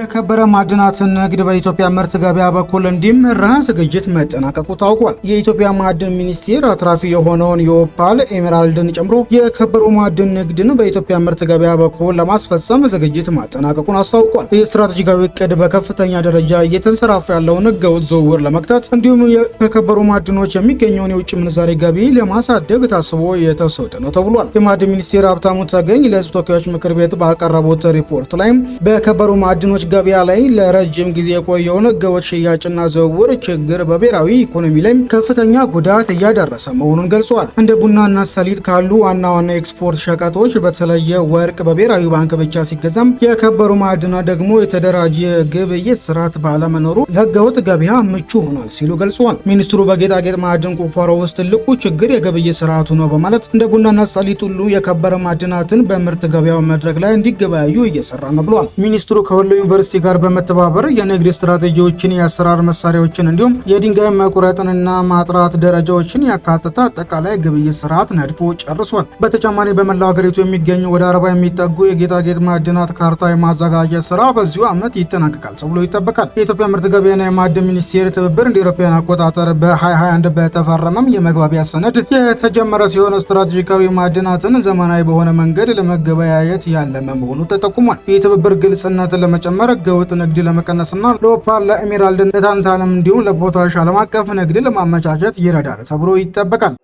የከበረ ማዕድናት ንግድ በኢትዮጵያ ምርት ገበያ በኩል እንዲመራ ዝግጅት መጠናቀቁ ታውቋል። የኢትዮጵያ ማዕድን ሚኒስቴር አትራፊ የሆነውን የኦፓል ኤሜራልድን ጨምሮ የከበሩ ማዕድን ንግድን በኢትዮጵያ ምርት ገበያ በኩል ለማስፈጸም ዝግጅት ማጠናቀቁን አስታውቋል። የስትራቴጂካዊ እቅድ በከፍተኛ ደረጃ እየተንሰራፉ ያለውን ህገወጥ ዝውውር ለመግታት እንዲሁም ከከበሩ ማዕድኖች የሚገኘውን የውጭ ምንዛሬ ገቢ ለማሳደግ ታስቦ የተሰጠ ነው ተብሏል። የማዕድን ሚኒስቴር ሀብታሙ ተገኝ ለህዝብ ተወካዮች ምክር ቤት ባቀረቡት ሪፖርት ላይም በከበሩ ማዕድኖች የእቃዎች ገበያ ላይ ለረጅም ጊዜ የቆየውን ህገወጥ ሽያጭና ዝውውር ችግር በብሔራዊ ኢኮኖሚ ላይ ከፍተኛ ጉዳት እያደረሰ መሆኑን ገልጿል። እንደ ቡናና ሰሊጥ ካሉ ዋና ዋና ኤክስፖርት ሸቀጦች በተለየ ወርቅ በብሔራዊ ባንክ ብቻ ሲገዛም፣ የከበሩ ማዕድናት ደግሞ የተደራጀ ግብይት ስርዓት ባለመኖሩ ለህገወጥ ገበያ ምቹ ሆኗል ሲሉ ገልጿል። ሚኒስትሩ በጌጣጌጥ ማዕድን ቁፋሮ ውስጥ ትልቁ ችግር የግብይት ስርዓቱ ነው በማለት እንደ ቡናና ሰሊጥ ሁሉ የከበረ ማዕድናትን በምርት ገበያው መድረክ ላይ እንዲገበያዩ እየሰራ ነው ብሏል። ሚኒስትሩ ከወሎ ዩኒቨርሲቲ ጋር በመተባበር የንግድ ስትራቴጂዎችን፣ የአሰራር መሳሪያዎችን እንዲሁም የድንጋይ መቁረጥንና ማጥራት ደረጃዎችን ያካተተ አጠቃላይ ግብይት ስርዓት ነድፎ ጨርሷል። በተጨማሪ በመላው ሀገሪቱ የሚገኙ ወደ አርባ የሚጠጉ የጌጣጌጥ ማዕድናት ካርታ የማዘጋጀት ስራ በዚሁ ዓመት ይጠናቀቃል ተብሎ ይጠበቃል። የኢትዮጵያ ምርት ገበያና የማዕድን ሚኒስቴር ትብብር እንደ አውሮፓውያን አቆጣጠር በ2021 በተፈረመም የመግባቢያ ሰነድ የተጀመረ ሲሆን ስትራቴጂካዊ ማዕድናትን ዘመናዊ በሆነ መንገድ ለመገበያየት ያለመ መሆኑ ተጠቁሟል። ይህ ትብብር ግልጽነትን ለመጨመር ህገወጥ ንግድ ለመቀነስና ለኦፓል ለኤሜራልድን ለታንታንም እንዲሁም ለፖታሽ ዓለም አቀፍ ንግድ ለማመቻቸት ይረዳል ተብሎ ይጠበቃል።